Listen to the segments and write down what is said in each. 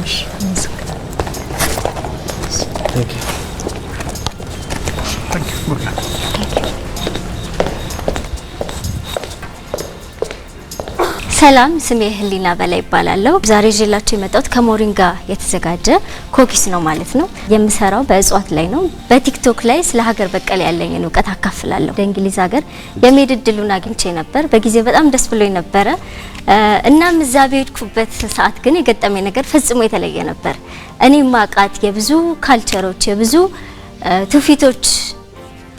yapmış. ሰላም ስሜ ህሊና በላይ ይባላለሁ። ዛሬ ይዤላችሁ የመጣሁት ከሞሪንጋ የተዘጋጀ ኮኪስ ነው ማለት ነው። የምሰራው በእጽዋት ላይ ነው። በቲክቶክ ላይ ስለ ሀገር በቀል ያለኝን እውቀት አካፍላለሁ። ወደ ሀገር የመሄድ እድሉን አግኝቼ ነበር። በጊዜ በጣም ደስ ብሎኝ ነበረ። እናም እዛ በሄድኩበት ሰዓት ግን የገጠመኝ ነገር ፈጽሞ የተለየ ነበር። እኔ ማቃት የብዙ ካልቸሮች የብዙ ትውፊቶች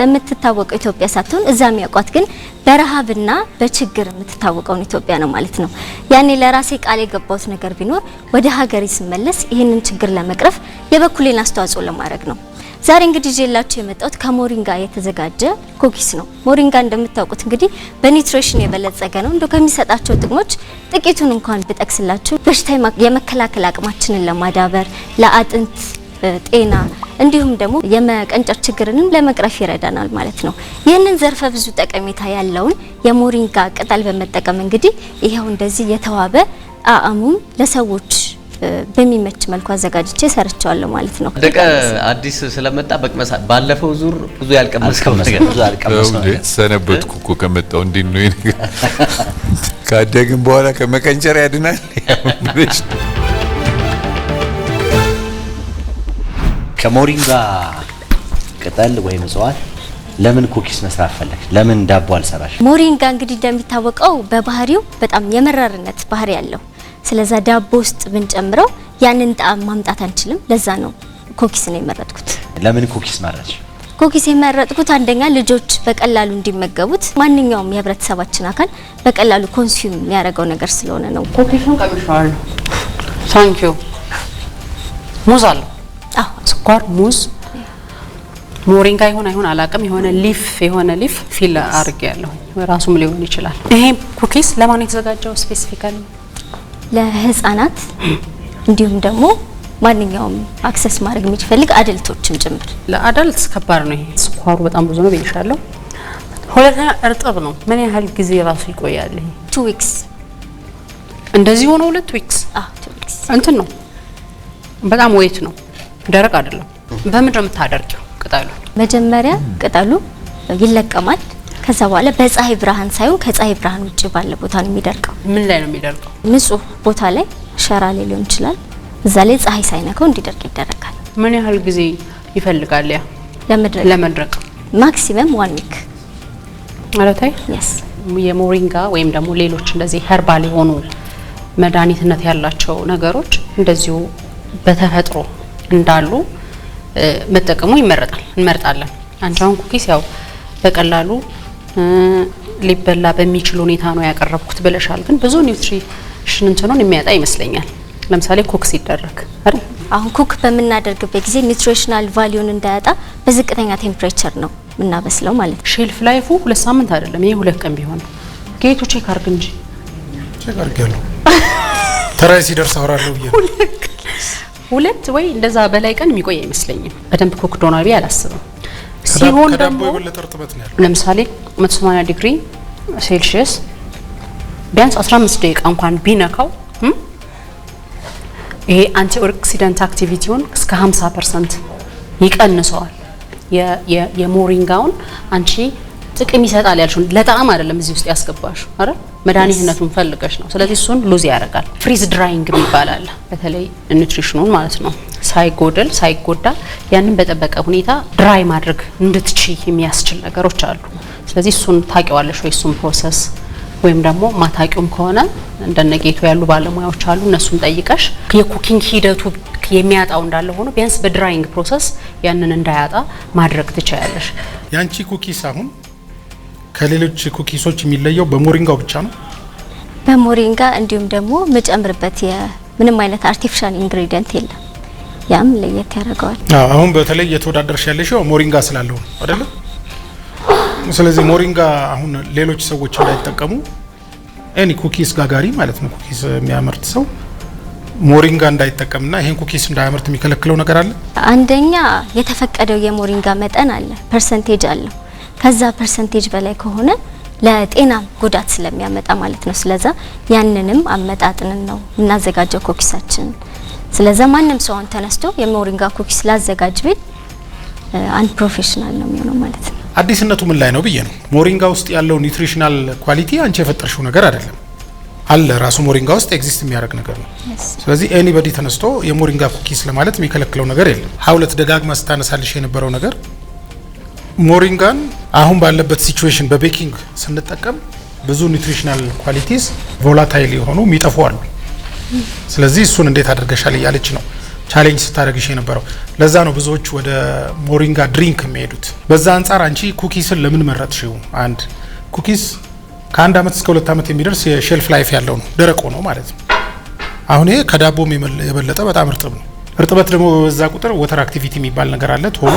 በምትታወቀው ኢትዮጵያ ሳትሆን እዛ የሚያውቋት ግን በረሃብና በችግር የምትታወቀውን ኢትዮጵያ ነው ማለት ነው። ያኔ ለራሴ ቃል የገባሁት ነገር ቢኖር ወደ ሀገሬ ስመለስ ይህንን ችግር ለመቅረፍ የበኩሌን አስተዋጽኦ ለማድረግ ነው። ዛሬ እንግዲህ ይዤላችሁ የመጣሁት ከሞሪንጋ የተዘጋጀ ኩኪስ ነው። ሞሪንጋ እንደምታውቁት እንግዲህ በኒትሪሽን የበለጸገ ነው። እንደ ከሚሰጣቸው ጥቅሞች ጥቂቱን እንኳን ብጠቅስላችሁ በሽታ የመከላከል አቅማችንን ለማዳበር ለአጥንት ጤና እንዲሁም ደግሞ የመቀንጨር ችግርንም ለመቅረፍ ይረዳናል ማለት ነው። ይህንን ዘርፈ ብዙ ጠቀሜታ ያለውን የሞሪንጋ ቅጠል በመጠቀም እንግዲህ ይኸው እንደዚህ የተዋበ ጣዕሙም ለሰዎች በሚመች መልኩ አዘጋጅቼ ሰርቸዋለሁ ማለት ነው። ደቀ አዲስ ስለመጣ በቅመሳ ባለፈው ዙር ብዙ ያልቀመስከው ሰነበትኩ እኮ ከመጣው እንዲህ ነው ካደግን በኋላ ከመቀንጨር ያድናል። ከሞሪንጋ ቅጠል ወይም እጽዋት ለምን ኩኪስ መስራት ፈለግ? ለምን ዳቦ አልሰራሽ? ሞሪንጋ እንግዲህ እንደሚታወቀው በባህሪው በጣም የመራርነት ባህሪ ያለው፣ ስለዛ ዳቦ ውስጥ ብንጨምረው ያንን ጣዕም ማምጣት አንችልም። ለዛ ነው ኩኪስ ነው የመረጥኩት። ለምን ኩኪስ መረጥሽ? ኩኪስ የመረጥኩት አንደኛ ልጆች በቀላሉ እንዲመገቡት፣ ማንኛውም የህብረተሰባችን አካል በቀላሉ ኮንሱም የሚያደርገው ነገር ስለሆነ ነው። ኩኪሱን ቀምሼዋለሁ። ሳንኪዩ ሙዝ አለው ስኳር፣ ሙዝ፣ ሞሪንጋ ይሆን አይሆን አላውቅም። የሆነ ሊፍ የሆነ ሊፍ ፊል አድርጌያለሁ። ራሱም ሊሆን ይችላል። ይሄ ኩኪስ ለማን የተዘጋጀው ስፔሲፊካሊ? ለህፃናት እንዲሁም ደግሞ ማንኛውም አክሰስ ማድረግ የሚፈልግ አደልቶችም ጭምር። ለአዳልት ከባድ ነው። ይሄ ስኳሩ በጣም ብዙ ነው ብዬሻለሁ። ሁለተኛ እርጥብ ነው። ምን ያህል ጊዜ ራሱ ይቆያል? ይሄ ቱ ዊክስ እንደዚህ ሆኖ ሁለት ዊክስ እንትን ነው። በጣም ወይት ነው። ደረቅ አይደለም። በምንድን ነው የምታደርጊው? ቅጠሉ መጀመሪያ ቅጠሉ ይለቀማል። ከዛ በኋላ በፀሐይ ብርሃን ሳይሆን ከፀሐይ ብርሃን ውጭ ባለ ቦታ ነው የሚደርቀው። ምን ላይ ነው የሚደርቀው? ንጹህ ቦታ ላይ ሸራ ላይ ሊሆን ይችላል። እዛ ላይ ፀሐይ ሳይነከው እንዲደርቅ ይደረጋል። ምን ያህል ጊዜ ይፈልጋል ያ ለመድረቅ? ማክሲመም ዋን ዊክ አለታይ። የሞሪንጋ ወይም ደግሞ ሌሎች እንደዚህ ሄርባል የሆኑ መድኃኒትነት ያላቸው ነገሮች እንደዚሁ በተፈጥሮ እንዳሉ መጠቀሙ ይመረጣል እንመርጣለን። አንቺ አሁን ኩኪስ ያው በቀላሉ ሊበላ በሚችል ሁኔታ ነው ያቀረብኩት ብለሻል፣ ግን ብዙ ኒውትሪሽን እንትኑን የሚያጣ ይመስለኛል። ለምሳሌ ኩክ ሲደረግ አይደል? አሁን ኩክ በምናደርግበት ጊዜ ኒውትሪሽናል ቫሊዩን እንዳያጣ በዝቅተኛ ቴምፕሬቸር ነው የምናበስለው ማለት ነው። ሼልፍ ላይፉ ሁለት ሳምንት አይደለም፣ ይሄ ሁለት ቀን ቢሆን ጌቱ ቼክ አርግ እንጂ ቼክ አርግ ያለው ተራይ ሲደርስ አወራለሁ ብዬ ሁለት ወይ እንደዛ በላይ ቀን የሚቆይ አይመስለኝም። በደንብ ኮክድ ቢ ብዬ አላስብም። ሲሆን ደግሞ ለምሳሌ 180 ዲግሪ ሴልሺየስ ቢያንስ 15 ደቂቃ እንኳን ቢነካው ይሄ አንቲ ኦክሲደንት አክቲቪቲውን እስከ 50 ፐርሰንት ይቀንሰዋል። የሞሪንጋውን አንቺ ጥቅም ይሰጣል ያልሽውን ለጣዕም አይደለም እዚህ ውስጥ ያስገባሽ አይደል? መድኃኒትነቱን ፈልገሽ ነው። ስለዚህ እሱን ሉዝ ያደርጋል። ፍሪዝ ድራይንግ ይባላል። በተለይ ኒትሪሽኑን ማለት ነው ሳይጎድል ሳይጎዳ ያንን በጠበቀ ሁኔታ ድራይ ማድረግ እንድትችይ የሚያስችል ነገሮች አሉ። ስለዚህ እሱን ታቂዋለሽ ወይ እሱን ፕሮሰስ ወይም ደግሞ ማታቂውም ከሆነ እንደነጌቱ ያሉ ባለሙያዎች አሉ። እነሱን ጠይቀሽ የኩኪንግ ሂደቱ የሚያጣው እንዳለ ሆኖ ቢያንስ በድራይንግ ፕሮሰስ ያንን እንዳያጣ ማድረግ ትችላለሽ። ያንቺ ኩኪስ አሁን ከሌሎች ኩኪሶች የሚለየው በሞሪንጋው ብቻ ነው። በሞሪንጋ እንዲሁም ደግሞ መጨምርበት ምንም አይነት አርቲፊሻል ኢንግሪዲየንት የለም። ያም ለየት ያደርገዋል። አሁን በተለይ የተወዳደርሽ ያለሽ ሞሪንጋ ስላለው ነው አይደለ? ስለዚህ ሞሪንጋ አሁን ሌሎች ሰዎች እንዳይጠቀሙ ኒ ኩኪስ ጋጋሪ ማለት ነው ኩኪስ የሚያመርት ሰው ሞሪንጋ እንዳይጠቀምና ይህን ኩኪስ እንዳያመርት የሚከለክለው ነገር አለ። አንደኛ የተፈቀደው የሞሪንጋ መጠን አለ፣ ፐርሰንቴጅ አለው ከዛ ፐርሰንቴጅ በላይ ከሆነ ለጤና ጉዳት ስለሚያመጣ ማለት ነው። ስለዛ ያንንም አመጣጥንን ነው የምናዘጋጀው ኩኪሳችን ስለዛ ማንም ሰው አሁን ተነስቶ የሞሪንጋ ኩኪስ ላዘጋጅ ቢል ፕሮፌሽናል ነው የሚሆነው ማለት ነው። አዲስነቱ ምን ላይ ነው ብዬ ነው። ሞሪንጋ ውስጥ ያለው ኒውትሪሽናል ኳሊቲ አንቺ የፈጠርሽው ነገር አይደለም፣ አለ ራሱ ሞሪንጋ ውስጥ ኤግዚስት የሚያደርግ ነገር ነው። ስለዚህ ኤኒበዲ ተነስቶ የሞሪንጋ ኩኪስ ለማለት የሚከለክለው ነገር የለም። ሀውለት ደጋግማ ስታነሳልሽ የነበረው ነገር ሞሪንጋን አሁን ባለበት ሲቹዌሽን በቤኪንግ ስንጠቀም ብዙ ኒትሪሽናል ኳሊቲስ ቮላታይል የሆኑ የሚጠፉ አሉ። ስለዚህ እሱን እንዴት አድርገሻል እያለች ነው ቻሌንጅ ስታደርግሽ የነበረው። ለዛ ነው ብዙዎች ወደ ሞሪንጋ ድሪንክ የሚሄዱት። በዛ አንጻር አንቺ ኩኪስን ለምን መረጥሽው? አንድ ኩኪስ ከአንድ ዓመት እስከ ሁለት ዓመት የሚደርስ የሼልፍ ላይፍ ያለው ነው፣ ደረቅ ሆኖ ማለት ነው። አሁን ይሄ ከዳቦም የበለጠ በጣም እርጥብ ነው። እርጥበት ደግሞ በበዛ ቁጥር ወተር አክቲቪቲ የሚባል ነገር አለ ቶሎ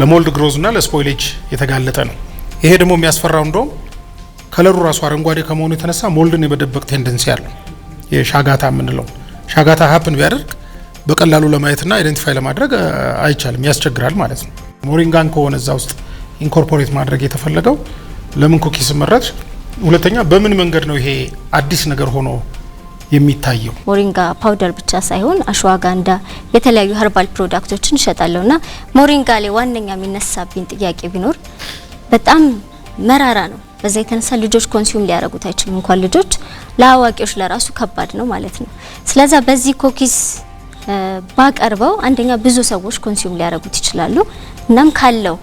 ለሞልድ እና ለስፖይሌጅ የተጋለጠ ነው። ይሄ ደግሞ የሚያስፈራው እንደውም ከለሩ ራሱ አረንጓዴ ከመሆኑ የተነሳ ሞልድን የመደበቅ ቴንደንሲ ያለው የሻጋታ የምንለው ሻጋታ ሀፕን ቢያደርግ በቀላሉ ለማየትና አይደንቲፋይ ለማድረግ አይቻልም፣ ያስቸግራል ማለት ነው። ሞሪንጋን ከሆነ እዛ ውስጥ ኢንኮርፖሬት ማድረግ የተፈለገው ለምን ኩኪ ስመረት፣ ሁለተኛ በምን መንገድ ነው ይሄ አዲስ ነገር ሆኖ የሚታየው ሞሪንጋ ፓውደር ብቻ ሳይሆን አሽዋጋንዳ የተለያዩ ሀርባል ፕሮዳክቶችን እሸጣለሁ እና ሞሪንጋ ላይ ዋነኛ የሚነሳብኝ ጥያቄ ቢኖር በጣም መራራ ነው። በዛ የተነሳ ልጆች ኮንሱም ሊያደርጉት አይችሉም። እንኳን ልጆች ለአዋቂዎች ለራሱ ከባድ ነው ማለት ነው። ስለዛ በዚህ ኮኪስ ባቀርበው አንደኛ ብዙ ሰዎች ኮንሱም ሊያደርጉት ይችላሉ፣ እናም ካለው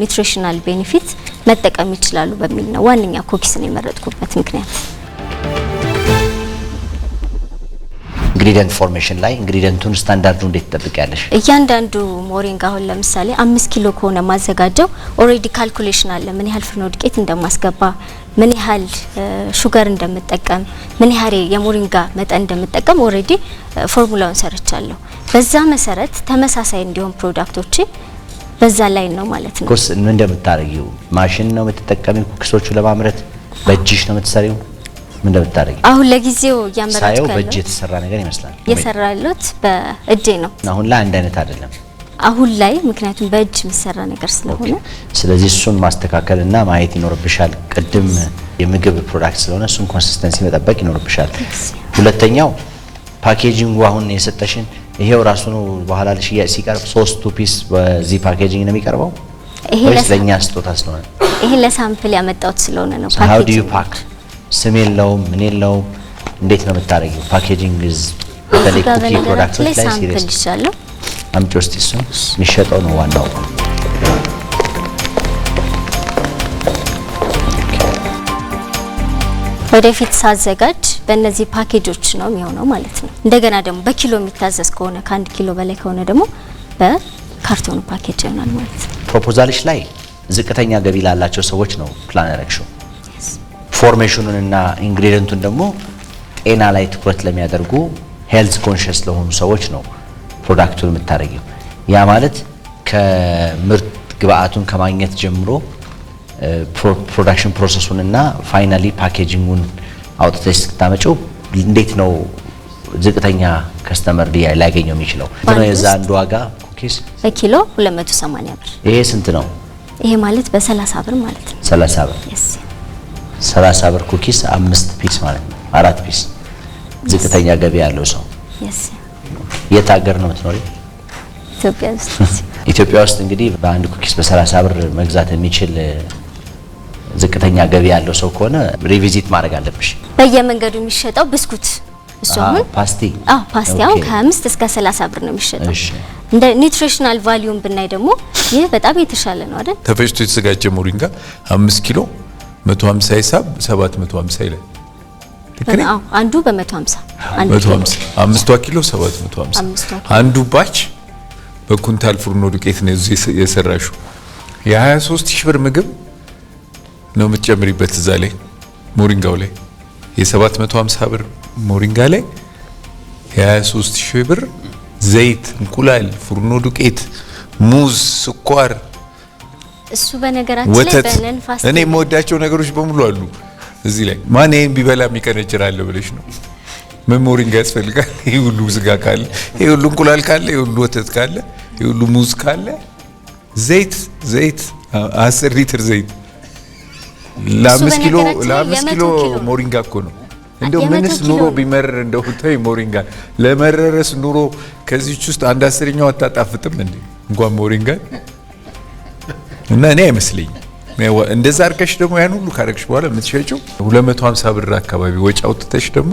ኒውትሪሽናል ቤኔፊት መጠቀም ይችላሉ በሚል ነው ዋነኛ ኮኪስን የመረጥኩበት ምክንያት። ኢንግሪዲየንት ፎርሜሽን ላይ ኢንግሪዲየንቱን ስታንዳርዱ እንዴት ትጠብቂያለሽ? እያንዳንዱ ሞሪንጋ አሁን ለምሳሌ አምስት ኪሎ ከሆነ ማዘጋጀው ኦልሬዲ ካልኩሌሽን አለ። ምን ያህል ፍኖ ዱቄት እንደማስገባ፣ ምን ያህል ሹገር እንደምጠቀም፣ ምን ያህል የሞሪንጋ መጠን እንደምጠቀም ኦልሬዲ ፎርሙላውን ሰርቻለሁ። በዛ መሰረት ተመሳሳይ እንዲሆን ፕሮዳክቶቼ በዛ ላይ ነው ማለት ነው። ቁርስ እንደምታረጊው ማሽን ነው የምትጠቀሚው? ኩክሶቹ ለማምረት በእጅሽ ነው የምትሰሪው? ምን እንደምታደርጊ አሁን ለጊዜው ያመረጥከው ሳየው በእጅ የተሰራ ነገር ይመስላል። የሰራሉት በእጄ ነው። አሁን ላይ አንድ አይነት አይደለም አሁን ላይ ምክንያቱም በእጅ የሚሰራ ነገር ስለሆነ፣ ስለዚህ እሱን ማስተካከልና ማየት ይኖርብሻል። ቅድም የምግብ ፕሮዳክት ስለሆነ እሱን ኮንሲስተንሲ መጠበቅ ይኖርብሻል። ሁለተኛው ፓኬጂንጉ አሁን የሰጠሽን ይሄው ራሱ ነው። በኋላ ለሽያጭ ሲቀርብ ሶስቱ ፒስ በዚህ ፓኬጂንግ ነው የሚቀርበው ወይስ ለእኛ ስጦታ ስለሆነ? ይሄ ለሳምፕል ያመጣሁት ስለሆነ ነው። ፓኬጂንግ ስም የለውም ምን የለውም። እንዴት ነው የምታደርጊው? ፓኬጂንግ ዝ በተለይ ኩኪ ፕሮዳክቶች ላይ ሲሪየስ አምጪ ውስጥ እሱን የሚሸጠው ነው ዋናው። ወደፊት ሳዘጋጅ በእነዚህ ፓኬጆች ነው የሚሆነው ማለት ነው። እንደገና ደግሞ በኪሎ የሚታዘዝ ከሆነ ከአንድ ኪሎ በላይ ከሆነ ደግሞ በካርቶኑ ፓኬጅ ይሆናል ማለት ነው። ፕሮፖዛልሽ ላይ ዝቅተኛ ገቢ ላላቸው ሰዎች ነው ፕላን ያረግሽው ፎርሜሽኑን እና ኢንግሪዲየንቱን ደግሞ ጤና ላይ ትኩረት ለሚያደርጉ ሄልዝ ኮንሽስ ለሆኑ ሰዎች ነው ፕሮዳክቱን የምታደርጊው። ያ ማለት ከምርት ግብአቱን ከማግኘት ጀምሮ ፕሮዳክሽን ፕሮሰሱን እና ፋይናሊ ፓኬጂንጉን አውጥተሽ ስታመጪው እንዴት ነው ዝቅተኛ ከስተመር ሊያገኘው የሚችለው? የዛ አንዱ ዋጋ ኩኪስ በኪሎ 280 ብር። ይሄ ስንት ነው? ይሄ ማለት በ30 ብር ማለት ነው። 30 ብር 30 ብር ኩኪስ አምስት ፒስ ማለት ነው፣ አራት ፒስ ዝቅተኛ ገቢ ያለው ሰው። የት ሀገር ነው የምትኖሪው? ኢትዮጵያ ውስጥ። ኢትዮጵያ ውስጥ እንግዲህ በአንድ ኩኪስ በሰላሳ ብር መግዛት የሚችል ዝቅተኛ ገቢ ያለው ሰው ከሆነ ሪቪዚት ማድረግ አለብሽ። በየመንገዱ የሚሸጠው ብስኩት እሱ አሁን ፓስቲ አዎ ፓስቲ አሁን ከ5 እስከ 30 ብር ነው የሚሸጠው። እንደ ኒውትሪሽናል ቫሊዩም ብናይ ደግሞ ይህ በጣም የተሻለ ነው አይደል? ተፈጭቶ የተዘጋጀ ሞሪንጋ 5 ኪሎ 150 ሂሳብ 750 ይላል። አንዱ በ150 አምስቷ ኪሎ 750 አንዱ ባች በኩንታል ፍርኖ ዱቄት ነው እዚህ የሰራሹ። የ23 ሺህ ብር ምግብ ነው የምትጨምሪበት እዛ ላይ ሞሪንጋው ላይ የ750 ብር ሞሪንጋ ላይ የ23 ሺህ ብር ዘይት፣ እንቁላል፣ ፍርኖ ዱቄት፣ ሙዝ፣ ስኳር እሱ በነገራችን ላይ በነንፋስ እኔ የምወዳቸው ነገሮች በሙሉ አሉ እዚህ ላይ ማን ይሄን ቢበላ የሚቀነጭራለ ብለሽ ነው መሞሪንግ ያስፈልጋል። ይሄ ሁሉ ስጋ ካለ፣ ይሄ ሁሉ እንቁላል ካለ፣ ይሄ ሁሉ ወተት ካለ፣ ይሄ ሁሉ ሙዝ ካለ፣ ዘይት ዘይት አስር ሊትር ዘይት ለአምስት ኪሎ ለአምስት ኪሎ ሞሪንጋ እኮ ነው። እንደው ምንስ ኑሮ ቢመረር እንደው ተይ ሞሪንጋ ለመረረስ ኑሮ ከዚች ውስጥ አንድ አስረኛው አታጣፍጥም እንዴ? እንኳን ሞሪንጋ እና እኔ አይመስለኝም። እንደዛ አድርገሽ ደግሞ ያን ሁሉ ካደረግሽ በኋላ የምትሸጪው 250 ብር አካባቢ ወጪ አውጥተሽ ደግሞ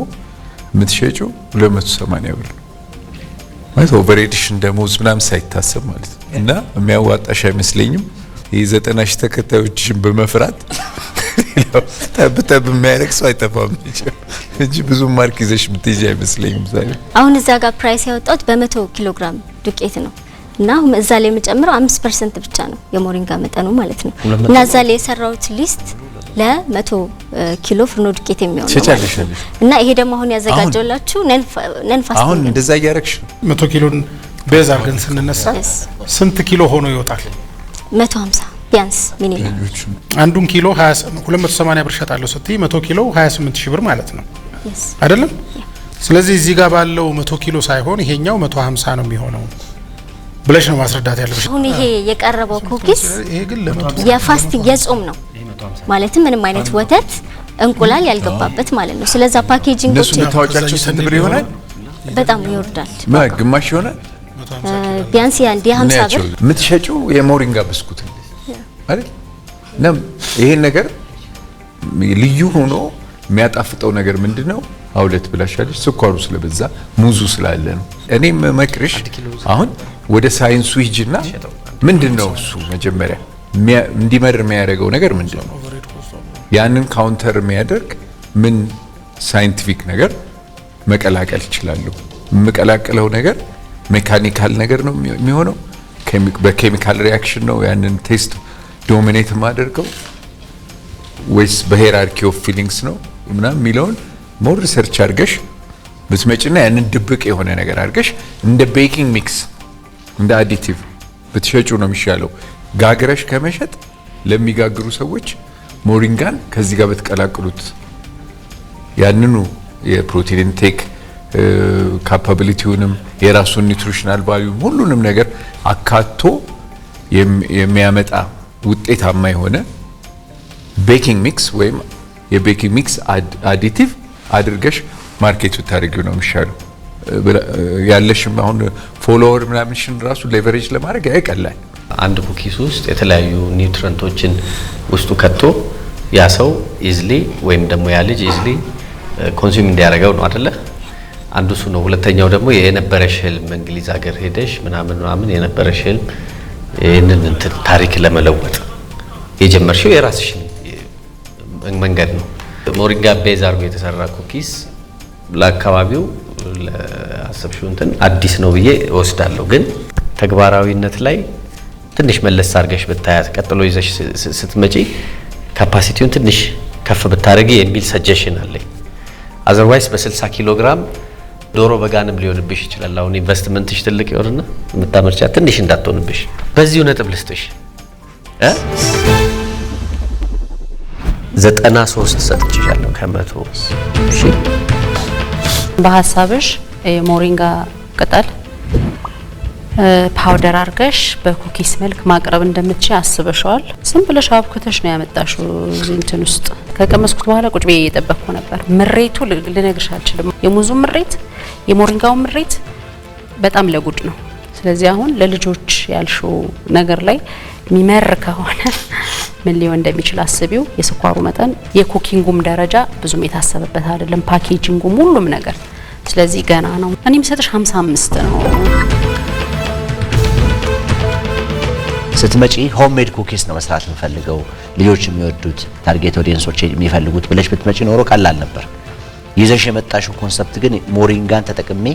የምትሸጪው 280 ብር ማለት ኦቨሬዲሽን ደሞዝ ምናምን ሳይታሰብ ማለት ነው። እና የሚያዋጣሽ አይመስለኝም። ይህ ዘጠና ሺህ ተከታዮችሽን በመፍራት ጠብ ጠብ የሚያደርግ ሰው አይጠፋም እንጂ ብዙ ማርክ ይዘሽ የምትይዥ አይመስለኝም። ዛሬ አሁን እዛ ጋር ፕራይስ ያወጣሁት በመቶ ኪሎ ግራም ዱቄት ነው። እና አሁን እዛ ላይ የምጨምረው አምስት ፐርሰንት ብቻ ነው የሞሪንጋ መጠኑ ማለት ነው። እና እዛ ላይ የሰራሁት ሊስት ለመቶ ኪሎ ፍርኖ ዱቄት የሚሆን እና ይሄ ደግሞ አሁን ያዘጋጀውላችሁ ነን ፋስት አሁን እንደዛ እያረግሽ መቶ ኪሎን ቤዝ አድርገን ስንነሳ ስንት ኪሎ ሆኖ ይወጣል? መቶ ሀምሳ ቢያንስ ሚኒማ አንዱን ኪሎ 280 ብር ሸጣለሁ ስትይ መቶ ኪሎ 28 ሺ ብር ማለት ነው አይደለም? ስለዚህ እዚህ ጋር ባለው መቶ ኪሎ ሳይሆን ይሄኛው መቶ ሀምሳ ነው የሚሆነው። ብለሽ ነው ማስረዳት ያለብሽ። አሁን ይሄ የቀረበው ኩኪስ የፋስት የጾም ነው ማለትም ምንም አይነት ወተት፣ እንቁላል ያልገባበት ማለት ነው። ስለዛ ፓኬጂንግ እነሱ ታወቂያቸው ስንት ብር ይሆናል? በጣም ይወርዳል። ግማሽ ይሆናል ቢያንስ ያን ዲያ 50 ብር የምትሸጪው የሞሪንጋ ብስኩት አይደል? ነም ይሄን ነገር ልዩ ሆኖ የሚያጣፍጠው ነገር ምንድን ነው? አውለት ብላሻለች። ስኳሩ ስለበዛ ሙዙ ስላለ ነው። እኔም መክርሽ አሁን ወደ ሳይንሱ ሂጅና ምንድን ነው እሱ መጀመሪያ እንዲመር የሚያደርገው ነገር ምንድን ነው? ያንን ካውንተር የሚያደርግ ምን ሳይንቲፊክ ነገር መቀላቀል እችላለሁ? የምቀላቅለው ነገር ሜካኒካል ነገር ነው የሚሆነው? በኬሚካል ሪያክሽን ነው ያንን ቴስት ዶሚኔት የማደርገው ወይስ በሄራርኪ ኦፍ ፊሊንግስ ነው ምናምን የሚለውን ሞር ሪሰርች አድርገሽ ብትመጪና ያንን ድብቅ የሆነ ነገር አድርገሽ እንደ ቤኪንግ ሚክስ እንደ አዲቲቭ ብትሸጩ ነው የሚሻለው። ጋግረሽ ከመሸጥ ለሚጋግሩ ሰዎች ሞሪንጋን ከዚህ ጋር በተቀላቅሉት ያንኑ የፕሮቲን ኢንቴክ ካፓቢሊቲውንም የራሱን ኒትሪሽናል ቫልዩ ሁሉንም ነገር አካቶ የሚያመጣ ውጤታማ የሆነ ቤኪንግ ሚክስ ወይም የቤኪንግ ሚክስ አዲቲቭ አድርገሽ ማርኬት ብታደርጊው ነው የሚሻለው። ያለሽም አሁን ፎሎወር ምናምንሽን ራሱ ሌቨሬጅ ለማድረግ ያይቀላል አንድ ኩኪስ ውስጥ የተለያዩ ኒውትረንቶችን ውስጡ ከቶ ያ ሰው ኢዝሊ ወይም ደግሞ ያ ልጅ ኢዝሊ ኮንሱም እንዲያደርገው ነው አደለ? አንዱ እሱ ነው። ሁለተኛው ደግሞ የነበረሽ ህልም እንግሊዝ ሀገር ሄደሽ ምናምን ምናምን የነበረሽ ህልም ይህንን እንትን ታሪክ ለመለወጥ የጀመርሽው የራስሽን መንገድ ነው። ሞሪንጋ ቤዝ የተሰራ ኩኪስ ለአካባቢው ለአሰብሽው እንትን አዲስ ነው ብዬ እወስዳለሁ። ግን ተግባራዊነት ላይ ትንሽ መለስ አድርገሽ ብታያት ቀጥሎ ይዘሽ ስትመጪ ካፓሲቲውን ትንሽ ከፍ ብታደርጊ የሚል ሰጀሽን አለኝ። አዘርዋይስ በ60 ኪሎ ግራም ዶሮ በጋንም ሊሆንብሽ ይችላል። አሁን ኢንቨስትመንትሽ ትልቅ ይሆንና የምታመርቻ ትንሽ እንዳትሆንብሽ በዚሁ ነጥብ ልስጥሽ። ዘጠና ሶስት ሰጥችሻለሁ ከመቶ በሀሳብሽ የሞሪንጋ ቅጠል ፓውደር አድርገሽ በኩኪስ መልክ ማቅረብ እንደምትችል አስበሽዋል። ዝም ብለሽ አብኩተሽ ነው ያመጣሹ እንትን ውስጥ። ከቀመስኩት በኋላ ቁጭ ብዬ እየጠበቅኩ ነበር። ምሬቱ ልነግርሽ አልችልም። የሙዙ ምሬት፣ የሞሪንጋው ምሬት በጣም ለጉድ ነው። ስለዚህ አሁን ለልጆች ያልሹ ነገር ላይ የሚመር ከሆነ ምን ሊሆን እንደሚችል አስቢው። የስኳሩ መጠን የኩኪንጉም ደረጃ ብዙም የታሰበበት አይደለም። ፓኬጂንጉም፣ ሁሉም ነገር ስለዚህ ገና ነው። እኔ የምሰጥሽ 55 ነው። ስትመጪ ሆምሜድ ኩኪስ ነው መስራት የምፈልገው ልጆች የሚወዱት ታርጌት ኦዲየንሶች የሚፈልጉት ብለሽ ብትመጪ ኖሮ ቀላል ነበር። ይዘሽ የመጣሽው ኮንሰፕት ግን ሞሪንጋን ተጠቅሜ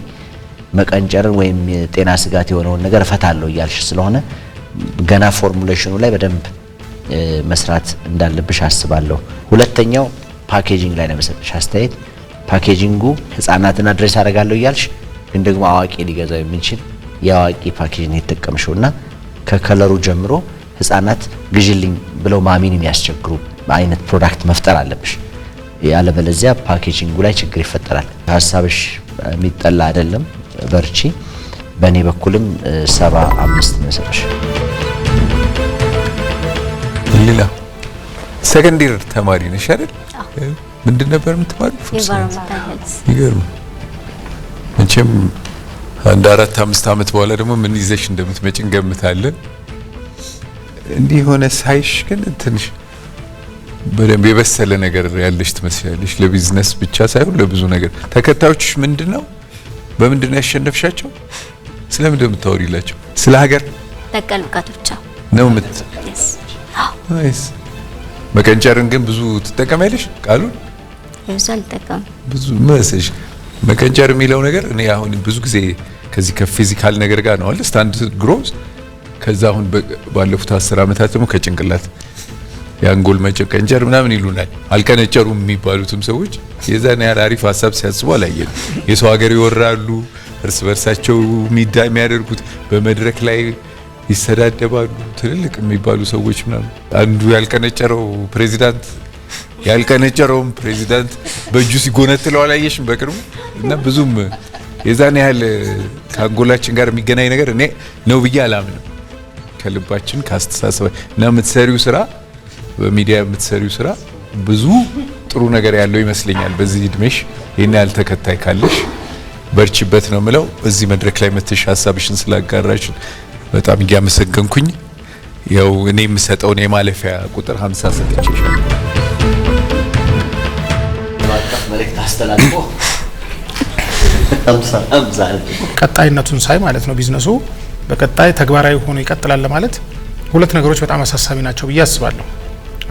መቀንጨርን ወይም የጤና ስጋት የሆነውን ነገር እፈታለሁ እያልሽ ስለሆነ ገና ፎርሙሌሽኑ ላይ በደንብ መስራት እንዳለብሽ አስባለሁ። ሁለተኛው ፓኬጂንግ ላይ ነው የምሰጥሽ አስተያየት። ፓኬጂንጉ ህጻናትን አድሬስ አደርጋለሁ እያልሽ ግን ደግሞ አዋቂ ሊገዛው የሚችል የአዋቂ ፓኬጅ ነው የተጠቀምሽው እና ከከለሩ ጀምሮ ህጻናት ግዥልኝ ብለው ማሚን የሚያስቸግሩ አይነት ፕሮዳክት መፍጠር አለብሽ። ያለበለዚያ ፓኬጂንጉ ላይ ችግር ይፈጠራል። ሀሳብሽ የሚጠላ አይደለም። በርቺ። በእኔ በኩልም ሰባ አምስት መሰጠሽ። ሌላ ሰከንድ ተማሪ ነሽ አይደል? ምንድን ነበር የምትማሪው? ይገርም። መቼም አንድ አራት አምስት አመት በኋላ ደግሞ ምን ይዘሽ እንደምትመጪ እንገምታለን። እንዲህ የሆነ ሳይሽ ግን ትንሽ በደንብ የበሰለ ነገር ያለሽ ትመስያለሽ። ለቢዝነስ ብቻ ሳይሆን ለብዙ ነገር። ተከታዮችሽ ምንድን ነው በምንድን ነው ያሸነፍሻቸው? ስለምንድን ነው የምታወሪላቸው? ስለ ሀገር በቀል ነው ምት ናይስ። መቀንጨርን ግን ብዙ ትጠቀሚያለሽ? ቃሉን ብዙ አልጠቀም ብዙ መስሽ መቀንጨር የሚለው ነገር እኔ አሁን ብዙ ጊዜ ከዚህ ከፊዚካል ነገር ጋር ነው አለ ስታንድ ግሮዝ ከዛ አሁን ባለፉት አስር ዓመታት ደግሞ ከጭንቅላት የአንጎል መቀንጨር ምናምን ይሉናል። አልቀነጨሩም የሚባሉትም ሰዎች የዛን ያህል አሪፍ ሀሳብ ሲያስቡ አላየንም። የሰው ሀገር ይወራሉ እርስ በርሳቸው ሚዳ የሚያደርጉት በመድረክ ላይ ይሰዳደባሉ። ትልልቅ የሚባሉ ሰዎች ምናምን አንዱ ያልቀነጨረው ፕሬዚዳንት ያልቀነጨረውም ፕሬዚዳንት በእጁ ሲጎነትለው አላየሽም? በቅርቡ እና ብዙም የዛን ያህል ከአንጎላችን ጋር የሚገናኝ ነገር እኔ ነው ብዬ አላምንም። ከልባችን ከአስተሳሰባ እና የምትሰሪው ስራ በሚዲያ የምትሰሪው ስራ ብዙ ጥሩ ነገር ያለው ይመስለኛል። በዚህ እድሜሽ ይህን ያህል ተከታይ ካለሽ በርችበት ነው ምለው። እዚህ መድረክ ላይ መተሽ ሀሳብሽን ስላጋራሽን በጣም እያመሰገንኩኝ ያው እኔ የምሰጠውን የማለፊያ ቁጥር 50 ሰጥቼሻለሁ። ቀጣይነቱን ሳይ ማለት ነው ቢዝነሱ በቀጣይ ተግባራዊ ሆኖ ይቀጥላል ለማለት ሁለት ነገሮች በጣም አሳሳቢ ናቸው ብዬ አስባለሁ።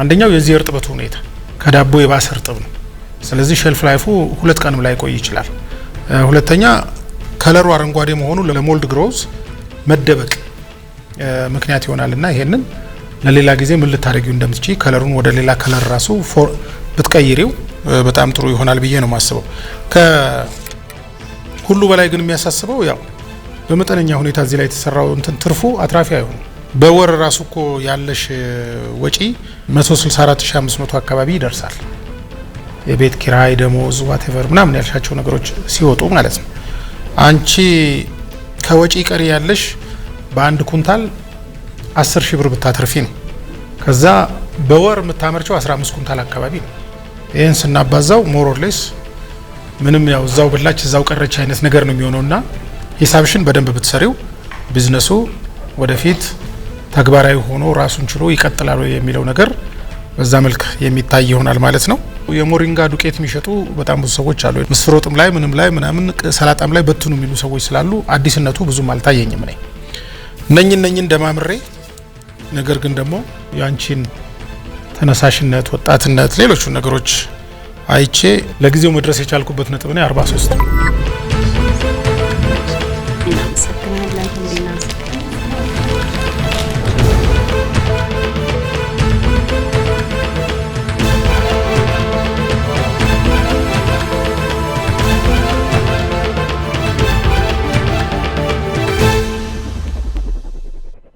አንደኛው የዚህ እርጥበቱ ሁኔታ ከዳቦ የባሰ እርጥብ ነው። ስለዚህ ሼልፍ ላይፉ ሁለት ቀንም ላይ ቆይ ይችላል። ሁለተኛ ከለሩ አረንጓዴ መሆኑ ለሞልድ ግሮዝ መደበቅ ምክንያት ይሆናል እና ይሄንን ለሌላ ጊዜ ምን ልታደርጊው እንደምትች ከለሩን ወደ ሌላ ከለር ራሱ ብትቀይሪው በጣም ጥሩ ይሆናል ብዬ ነው የማስበው። ከሁሉ በላይ ግን የሚያሳስበው ያው በመጠነኛ ሁኔታ እዚህ ላይ የተሰራው እንትን ትርፉ አትራፊ አይሆኑ በወር ራሱ እኮ ያለሽ ወጪ 164500 አካባቢ ይደርሳል። የቤት ኪራይ፣ ደሞዝ፣ ዋቴቨር ምናምን ያልሻቸው ነገሮች ሲወጡ ማለት ነው። አንቺ ከወጪ ቀሪ ያለሽ በአንድ ኩንታል 10 ሺህ ብር ብታትርፊ ነው። ከዛ በወር የምታመርቸው 15 ኩንታል አካባቢ ነው። ይህን ስናባዛው ሞር ኦር ሌስ ምንም ያው እዛው በላች እዛው ቀረች አይነት ነገር ነው የሚሆነውና ሂሳብሽን በደንብ ብትሰሪው ቢዝነሱ ወደፊት ተግባራዊ ሆኖ ራሱን ችሎ ይቀጥላሉ የሚለው ነገር በዛ መልክ የሚታይ ይሆናል ማለት ነው። የሞሪንጋ ዱቄት የሚሸጡ በጣም ብዙ ሰዎች አሉ። ምስር ወጥም ላይ ምንም ላይ ምናምን ሰላጣም ላይ በትኑ የሚሉ ሰዎች ስላሉ አዲስነቱ ብዙም አልታየኝም ነኝ እነኝ ነኝን ደማምሬ ነገር ግን ደግሞ ያንቺን ተነሳሽነት፣ ወጣትነት፣ ሌሎቹ ነገሮች አይቼ ለጊዜው መድረስ የቻልኩበት ነጥብ ነው 43